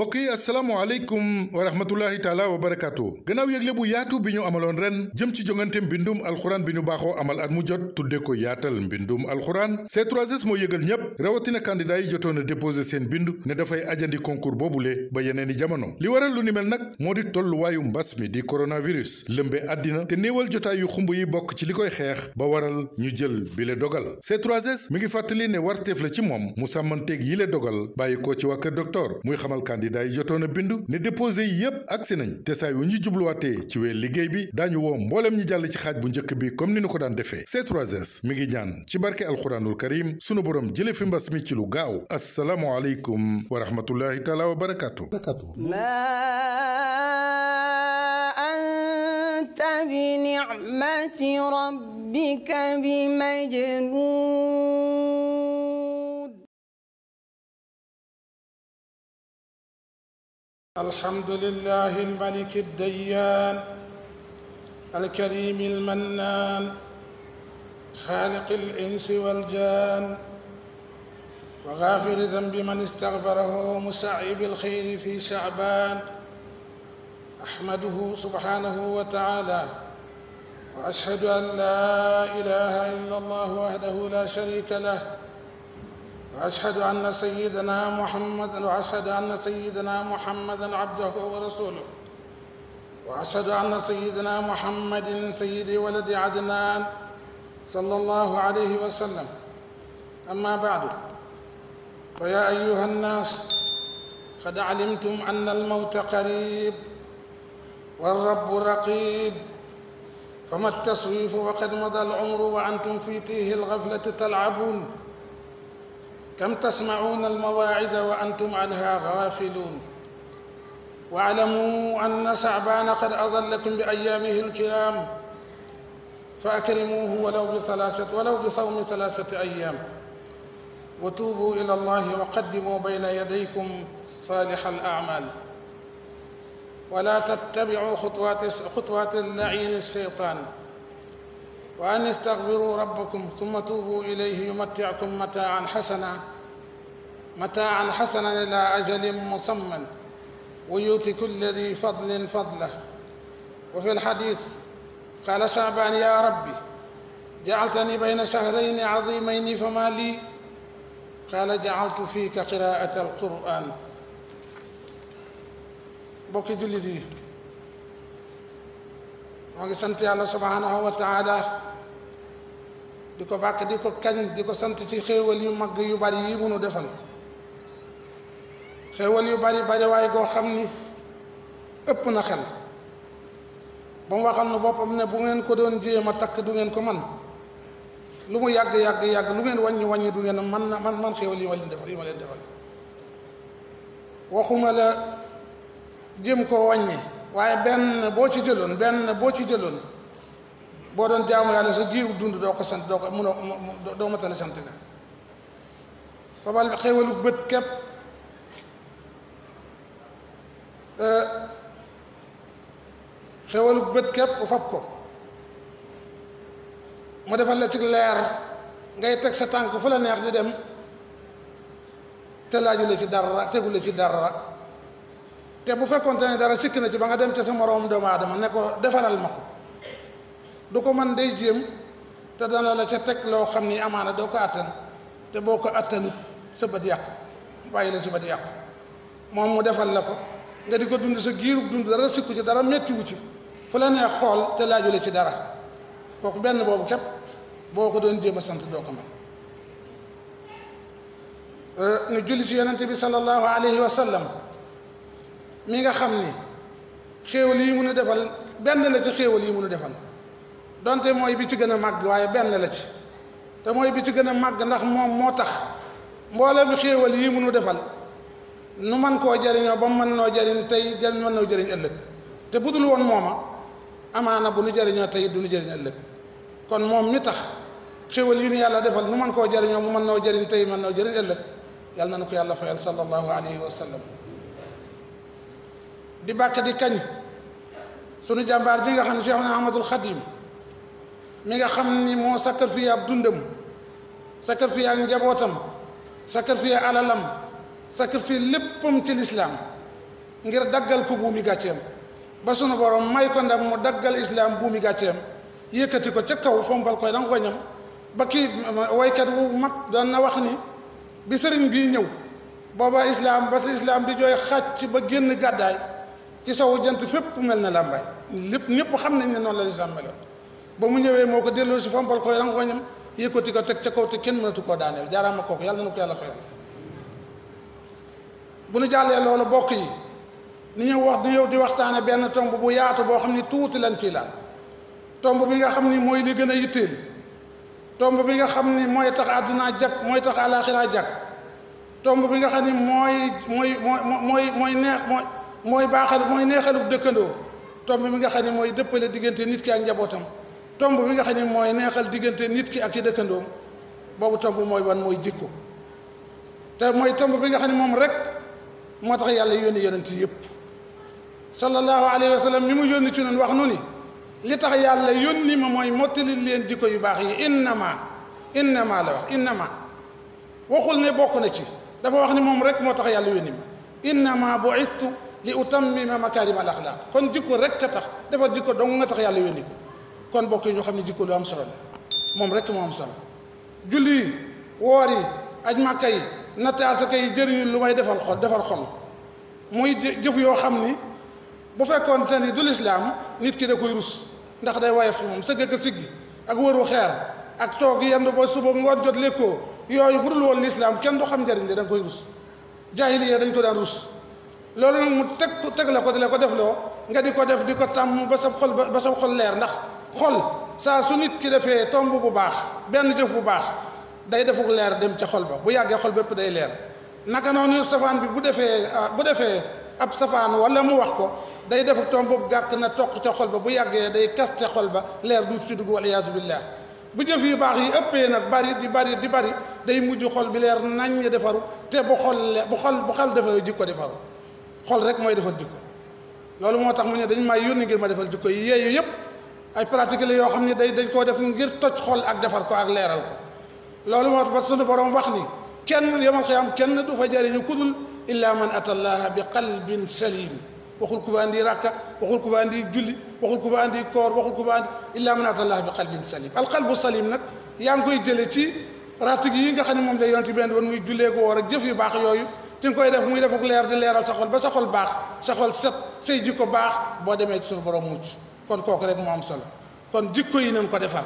bokk yi asalaamaaleykum wa rahmatullahi taala wa barakaatu gannaaw yëgle bu yaatu bi ñu amaloon ren jëm ci jongante mbindum alxuraan bi ñu baaxoo amal at mu jot tudde ko yaatal mbindum alxuraan c s moo yëgal ñépp rawatina candidat yi jotoon a déposé seen bind ne dafay ajandi boobu boobule ba yeneen yeneeni jamono li waral lu ni mel nag moo di tolluwaayu mbas mi di coronavirus lëmbe àddina te néewal jotaay yu xumb yi bokk ci li koy xeex ba waral ñu jël bile dogal C3S ngi fàttali ne warteef la ci moom mu sàmmanteeg yile dogal bàyyi ko ci waa kër docteur xamal candidat candidat yi jotoon a bindu ne déposé yi yépp agsi nañ te saa ñu jubluwaatee ci weer liggéey bi daañu woo mbooleem ñi jàll ci xaaj bu njëkk bi comme ni ñu ko daan defee C3S mi ngi ñaan ci barke alxuraanul karim sunu borom jële fi mbas mi ci lu gaaw assalaamu aleykum wa rahmatullahi taala wa barakaatu anta bi ni'mati rabbika bi majnun الحمد لله الملك الديان الكريم المنان خالق الإنس والجان وغافر ذنب من استغفره مسعب الخير في شعبان أحمده سبحانه وتعالى وأشهد أن لا إله إلا الله وحده لا شريك له واشهد ان سيدنا محمد واشهد ان سيدنا محمدا عبده ورسوله واشهد ان سيدنا محمد سيد ولد عدنان صلى الله عليه وسلم اما بعد فيا ايها الناس قد علمتم ان الموت قريب والرب رقيب فما التسويف وقد مضى العمر وانتم في تيه الغفله تلعبون كم تسمعون المواعظ وأنتم عنها غافلون واعلموا أن شعبان قد أظلكم بأيامه الكرام فأكرموه ولو بثلاثة ولو بصوم ثلاثة أيام وتوبوا إلى الله وقدموا بين يديكم صالح الأعمال ولا تتبعوا خطوات خطوات اللعين الشيطان وأن استغفروا ربكم ثم توبوا إليه يمتعكم متاعا حسنا متاعا حسنا إلى أجل مسمى ويؤتي كل ذي فضل فضله وفي الحديث قال شعبان يا ربي جعلتني بين شهرين عظيمين فما لي قال جعلت فيك قراءة القرآن bokki jullit yi moo ngi sant yàlla subhanahu wa taala di ko bàkk di ko kañ di ko sant ci xéewal yu mag yu bari yi munu defal xéewal yu bari bari waaye goo xam ni ëpp na xel ba mu waxal na boppam ne bu ngeen ko doon jéem a takk du ngeen ko man lu mu yàgg yàgg yàgg lu ngeen wàññi wàññi du ngeen man man man xéewal yi ma leen defal yi ma defal waxuma la jéem koo wàññi waaye benn boo ci jëloon benn boo ci jëloon boo doon jaamu yàlla sa giiru dund doo ko sant doo ko munoo doo matale sant ga fabal xéwalu bët képp eh, xéwalu bët képp fab ko mu defal la ci leer ngay teg sa tànk fu la neex di dem te laaju la ci dara tegul la ci dara te bu fekkoonte ne dara sikk na ci ba nga dem ca sa moroom doomu aadama ne ko defaral ma ko du ko man day jéem te dana la ca teg loo xam ni amaana doo ko àttan te boo ko àttanut sa bët yàqu bàyyi la sa bët yàqu moom mu defal la ko nga di ko dund sa giirub dund dara sikku ci dara mettiwu ci fu la neex xool te laajule ci dara kooku benn boobu képp boo ko doon jéem a sant doo ko man nu julli ci yonente bi sallallahu alayhi wa sallam mi nga xam ni xéewal yi mun a defal benn la ci xéewal yi mun a defal donte mooy bi ci gën a màgg waaye benn la ci te mooy bi ci gën a màgg ndax moom moo tax mboolem xéewal yi mu nu defal nu man koo jariñoo ba mu mën noo jariñ tey jariñ mën jariñ ëllëg te budul woon mooma amaana bu nu jariñoo tey du nu jariñ ëllëg kon moom mi tax xéewal yi nu yàlla defal nu man koo jariñoo mu mën noo jariñ tey mën noo jariñ ëllëg yàlla na nu ko yàlla fayal sallallahu alayhi wa sallam di bàkk di kañ sunu jàmbaar ji nga xam ne Cheikh Ahmadul Xadim mi nga xam ni moo sacrifice ab dundam sacrifice ak njabootam sacrifice alalam sacrifice léppam ci lislaam ngir daggal ko buumi gàcceem ba sunu borom may ko ndam mu daggal islaam buumi gàcceem yëkkati ko ca kaw fombal koy danga ko ñam ba kii waykat wu mag doon na wax ni bi sëriñ bii ñëw booba islaam ba si islaam di jooy xàcc ba génn gàddaay ci sowu jant fépp mel na làmbaay lépp ñépp xam nañ ne noonu la lislaam meloon ba mu ñëwee moo ko delloo si fompal koy rangoñam yëkkati ko teg ca kaw te kenn mënatu koo daaneel jaaraama kooku yàlla na ko yàlla fayal bu nu jàllee loolu bokk yi ni ñu wax ni ñëw di waxtaane benn tomb bu yaatu boo xam ni tuuti lan ciy laal tomb bi nga xam ni mooy li a yitteel tomb bi nga xam ni mooy tax àdduna jag mooy tax àlaaxira jag tomb bi nga xam ni mooy mooy neex mooy mooy baaxal mooy neexalu dëkkandoo tomb bi nga xam ni mooy dëppale diggante nit ki ak njabootam tomb bi nga xam ne mooy neexal diggante nit ki ak yi dëkkandoom boobu tomb mooy wan mooy jikko te mooy tomb bi nga xam ne moom rek moo tax yàlla yónni yonent yëpp sallallahu alayhi wa sallam mi mu yónni ci noonu wax nu ni li tax yàlla yónni ma mooy mottali leen jikko yu baax yi innama innama la wax innama waxul ne bokk na ci dafa wax ni moom rek moo tax yàlla yónni ma innama bu'istu li utammima makarim al axlaq kon jikko rek a tax defar jikko dong nga tax yàlla yónni ko kon bokk ñoo xam ne jikko lu am solo la moom rek moo am solo julli aj màkka yi natt asaka yi lu may defal xol defal xol muy jëf yoo xam ni bu fekkoon te ni du lislaam nit ki da koy rus ndax day woyof moom sëgg ak siggi ak wëru xeer ak toog yendu ba suba ngoon jot lekkoo yooyu bu dul woon lislaam kenn du xam njëriñ li da nga koy rus jaahiliya dañ ko daan loolu nag mu teg teg la ko di la ko def loo nga di ko def di ko tàmm ba sa xol ba sa xol leer ndax xol saa su nit ki defee tomb bu baax benn jëf bu baax day defuk leer dem ca xol ba bu yàggee xol bépp day leer naka noonu safaan bi bu defee ah, bu defee ab safaan wala mu wax ko day defu tomb bu gàkk na toq ca xol ba bu yàggee day kaste xol ba leer duut ci dugg waliyaasu billaah bu jëf yi baax yi ëppee nag bari di bari di bari day mujj xol bi leer naññ defaru te bu xol bu xol bu xol defaru jikko defaru xol rek mooy defar jikko loolu moo tax mu ne dañ may yónni ngir ma defal jikko yi yeeyu yépp ay pratique la yoo xam ne day day koo def ngir toj xol ak defar ko ak leeral ko loolu moo tax ba sunu borom wax ni kenn yomal xiyaam kenn du fa jariñu kudul illa man ata allaha bi qalbin salim waxul ku fa andi rakka waxul ku fa andi julli waxul ku fa andi koor waxul ku fa andi illa man ata allaha bi qalbin salim al qalbu salim nag yaa ngi koy jële ci pratique yi nga xam ne moom la yonent benn woon muy jullee ko woor ak jëf yu baax yooyu ci nga koy def muy def leer di leeral sa ba sa xol baax sa xol set say jikko baax boo demee ci suñu borom mucc kon kooku rek moo am solo kon jikko yi nañ ko defar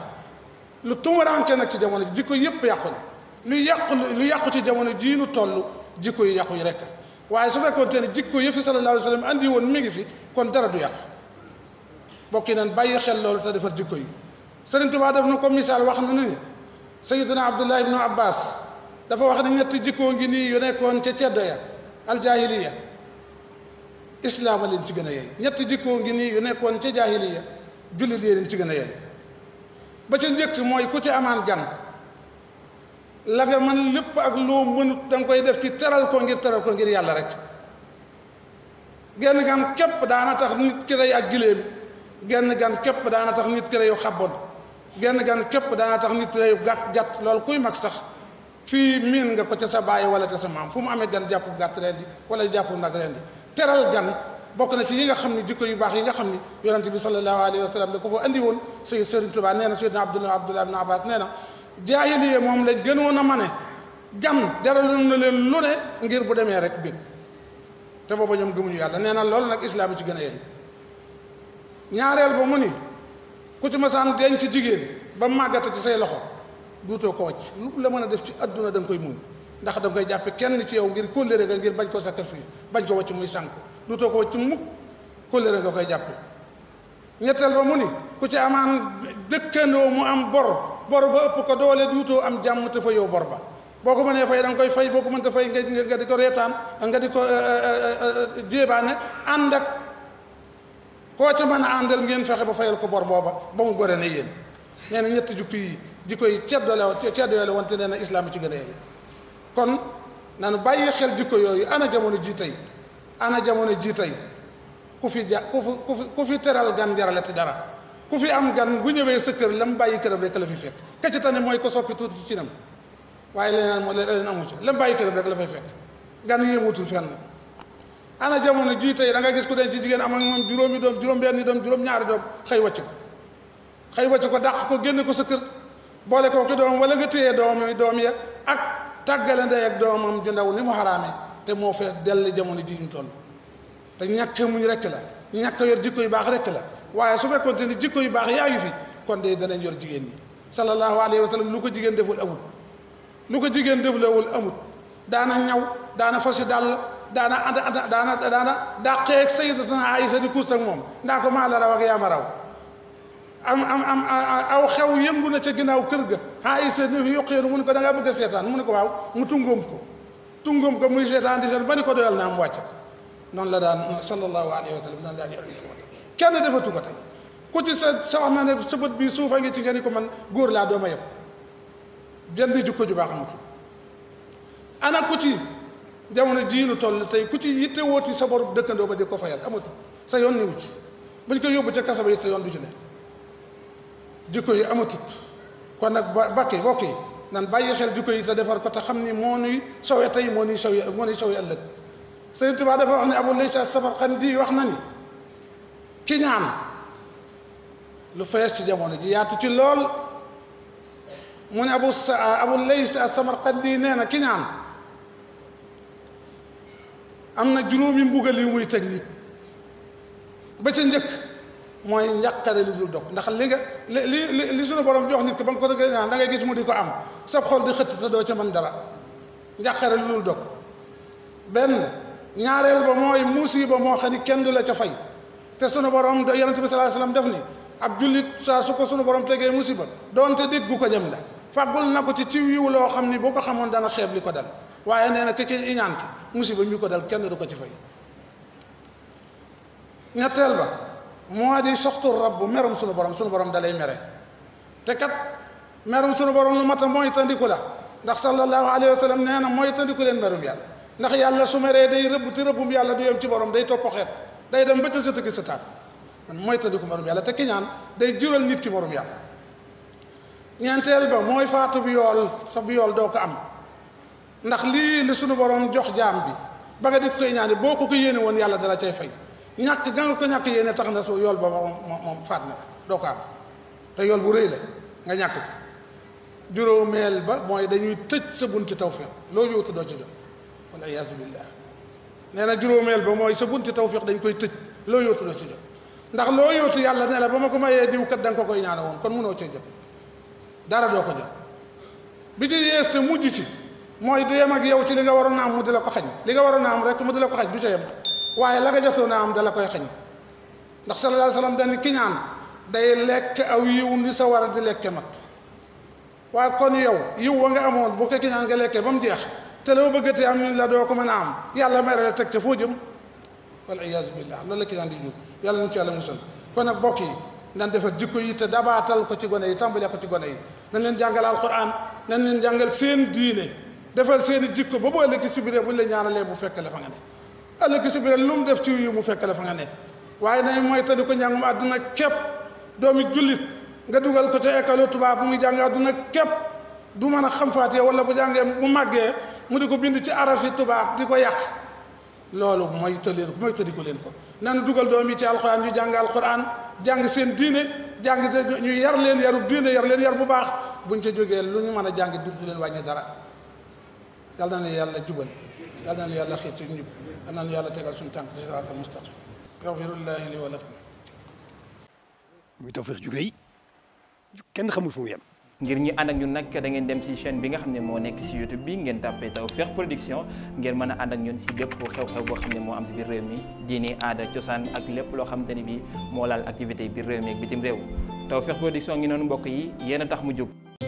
lu tumuranke nag ci jamono jikko yëpp yàqu na lu yàqu lu yàqu ci jamono ji nu toll jikko yi yàqu yi rek waaye su fekkoon te ne jikko yëpp sallallahu alayhi wa sallam andi woon mi ngi fi kon dara du yàqu mbokk yi nañ bàyyi xel loolu te defar jikko yi Sëriñ Tuubaa def na ko missal wax na ne Sayyidina Abdullah ibnu Abbas dafa wax ne ñetti jikkoo ngi nii yu nekkoon ca ceddo ya al jaahiliya islaama leen ci gën a yey ñetti jikkoo ngi nii yu nekkoon ca jaahiliya jullit yi leen ci gën a yey ba ca njëkk mooy ku ci amaan gan la nga mën lépp ak loo mënut da koy def ci teral ko ngir teral ko ngir yàlla rek genn gan képp daana tax nit ki rey ak giléem genn gan képp daana tax nit ki reyu xabbon genn gan képp daana tax nit reyu gàtt gàtt loolu kuy mag sax fii miin nga ko ca sa bàyyi wala ca sa maam fu mu amee gan jàpp gàtt rendi wala jàpp nag rendi teral gan bokk na ci yi nga xam ne jikko yu baax yi nga xam ni yonente bi sallallahu alayhi wa sallam da ko fa andi woon sayid sëriñ Tuubaa neena na sayidna abdullah abdullah ibn abbas nee na jaahiliya moom lañ gënoon a ne gan jaraloon na leen lu ne ngir bu demee rek bég te booba ñoom gëmuñu yàlla nee na loolu nag islaam ci gën a yey ñaareel ba mu ni ku ci masaan denc ci jigéen ba màggata ci say loxo duutoo ko wàcc lu la mën a def ci adduna da nga koy muñ ndax da koy jàppe kenn ci yow ngir kóllëre nga ngir bañ ko sacrifice bañ ko wacc muy sànk duutoo ko wacc mukk kóllëre nga koy jàppe ñetteel ba mu ni ku ci amaan dëkkandoo mu am bor bor ba ëpp ko doole duutoo am jàmm te fa yow bor ba boo ko mënee fay da nga koy fay boo ko mënta fay nga nga di ko reetaan nga di ko eh, eh, eh, jéebaane ànd ak koo ca mën a àndal ngeen fexe ba fayal ko bor booba ba mu gore na yéen nee na ñetti jukki yi di koy ceddole ceddole wante nee na islaam ci gën kon nanu bàyyi xel jikko yooyu ana jamono ji tey ana jamono ji tey ku fi ja ku fi ku fi teral gan jaralati dara ku fi am gan bu ñëwee sa kër la mu bàyyi këram rek la fi fekk ka ci tane mooy ko soppi tuuti ci cinam waaye leneen moo leneen amu bàyyi këram rek la fay fekk gan yéemutul fenn ana jamono jii tey da nga gis ku denc jigéen am ak moom juróomi doom juróom-benni doom juróom-ñaari doom xëy wàcc ko xëy wàcc ko dàq ko génn ko sa kër boole koo ki doom wala nga téye doom doom ya ak tàggale ndey ak doomam ju ndaw ni mu xaraame te moo fees dell jamono ji ñu toll te ñàkk muñ rekk la ñàkk yor jikko yu baax rekk la waaye su fekkoon te ni jikko yu baax yaayu fi kon de danañ yor jigéen ñi sallallahu alayhi wa sallam lu ko jigéen deful amut lu ko jigéen wul amut daana ñaw daana fasi dàll daana daana daana dàqeeg sayyidatuna Aïsa di kuus ak moom ndaa ko maa la raw ak yaa ma raw am am am aw xew yëngu na ca ginnaaw kër ga ah Isa ni fi yokk mu ne ko da ngaa seetaan mu ne ko waaw mu tungoom ko tungoom ko muy seetaan di seet ba ni ko doyal naa am wàcc ko noonu la daan sallallahu alayhi wa sallam kenn defatu ko sa sa wax na sa bët bi suufa ngi ci ngeen ko man góor dooma yëpp jënd jikko ju ku ci jamono jii nu toll tey ku ci yitte wooti sa borom dëkkandoo ba di ko fayal amatul sa yoon ni wu ci buñ ko yóbbu ca kaso sa yoon du ci ne jikko yi amatut kon nag bàkke bokk yi nan bàyyi xel jikko yi te defar ko te xam ni moo nuy sowe tey moo nuy sowe moo nuy sowe ëllëg Sëriñ Tuubaa dafa wax ne Abu Laysa Samarqandi wax na ni ki ñaan lu fees ci jamono ji yaatu ci lool mu ne abu sa Abu Laysa Samarqandi nee na ki ñaan am na juróomi mbugal yu muy teg nit ba ca njëkk mooy njàqare lu dul dog ndax li nga li li li suñu borom jox nit ki ba nga ko dëgg naan da ngay gis mu di ko am sab xool di xëtt te doo ci mën dara njàqare li dul dog benn ñaareel ba mooy musiba moo xam ni kenn du la ca fay te sunu borom yonente bi sallallahu alayhi wasallam def ni ab jullit saa su ko sunu borom tegee musiba doonte déggu ko jëm la fàggul na ko ci ci yiw loo xam ni boo ko xamoon dana xeeb li ko dal waaye nee na ki ki iñaan ki musiba mi ko dal kenn du ko ci fay ñetteel ba moo di soxtu rabbu merum sunu borom sunu borom dalay mere te kat merum sunu borom lu mat a mooy tandiku la ndax sallallahu alayhi wa sallam nee na mooy tandiku leen merum yàlla ndax yàlla su meree day rëbb te rëbbum yàlla du yem ci borom day topp xeet day dem ba ca sëtëki sëtaat man mooy tandiku merum yàlla te ki ñaan day jural nit ki merum yàlla ñeenteel ba mooy faatu bi yool sa bi doo ko am ndax lii li sunu borom jox jaam bi ba nga di koy ñaani boo ko ko yéene woon yàlla dala cay fay ñàkk ga nga ko ñàkk yéene tax na su yool booba moom moom faat na la doo ko am te yool bu rëy la nga ñàkk ko juróomeel ba mooy dañuy tëj sa bunt tawfiq loo yóotu doo ci jot wala iyaasu billah nee na juróomeel ba mooy sa bunti tawfiq dañ koy tëj loo yóotu doo ci jot ndax loo yóotu yàlla ne la ba ma ko mayee diw kat da nga ko koy ñaane woon kon mënoo cee jot dara doo ko jot bi ci yees te mujj ci mooy du yem ak yow ci li nga waroon a am mu di la ko xañ li nga waroon a am rek mu di la ko xañ du ca yem waaye la nga jotoon a am dala koy xañ ndax sallallahu alayhi wa sallam dañu kiñaan day lekk aw yiw ni sa war a di lekke mat waaye kon yow yiw wa nga amoon boo ko kiñaan nga lekkee ba mu jeex te loo bëggatee am ñu la doo ko mën am yàlla mere la teg ca foo jëm wal iyaazu billah loolu la kiñaan di jur yàlla nañu ci yàlla musal kon nag bokk yi nan defar jikko yi te dabaatal ko ci gone yi tàmbalee ko ci gone yi nañ leen jàngal alquran nañ leen jàngal seen diine defar seen i jikko ba bu ëllëg si biir bu ñu la ñaanalee bu fekk la fa nga ne ëllëg si biir lu mu def ci yu mu fekk la fa nga ne waaye nañu moytandi ko njàngum àdduna képp doomi jullit nga dugal ko ca école tubaab muy jàng àdduna képp du mën a xam faatiya wala bu jàngee mu màggee mu di ko bind ci arafi tubaab di ko yàq loolu moytali moytandi ko leen ko nanu dugal doom yi ci alxuraan ñu jàng alxuraan jàng seen diine jàng ñu yar leen yarub diine yar leen yar bu baax buñ ca jógee lu ñu mën a jàng du leen wàññi dara yal na ne yàlla jubal yal nañu yàlla tegal suñu tànk ci siraatal mustaqim. yaxfirullaahu lii wa lakum. muy tawfeex ju rëy kenn xamul fu mu yem. ngir ñu ànd ak ñun nag da dem ci chaine bi nga xam ne moo nekk ci YouTube bi ngeen tàppee Tawfekh Production ngeen mën a ànd ak ñun ci bépp xew-xew boo xam ne moo am ci biir réew mi diini aada cosaan ak lépp loo xamante ni bi moo laal activité biir réew mi ak bitim réew Tawfekh Production ngi noonu mbokk yi yéen tax mu jóg.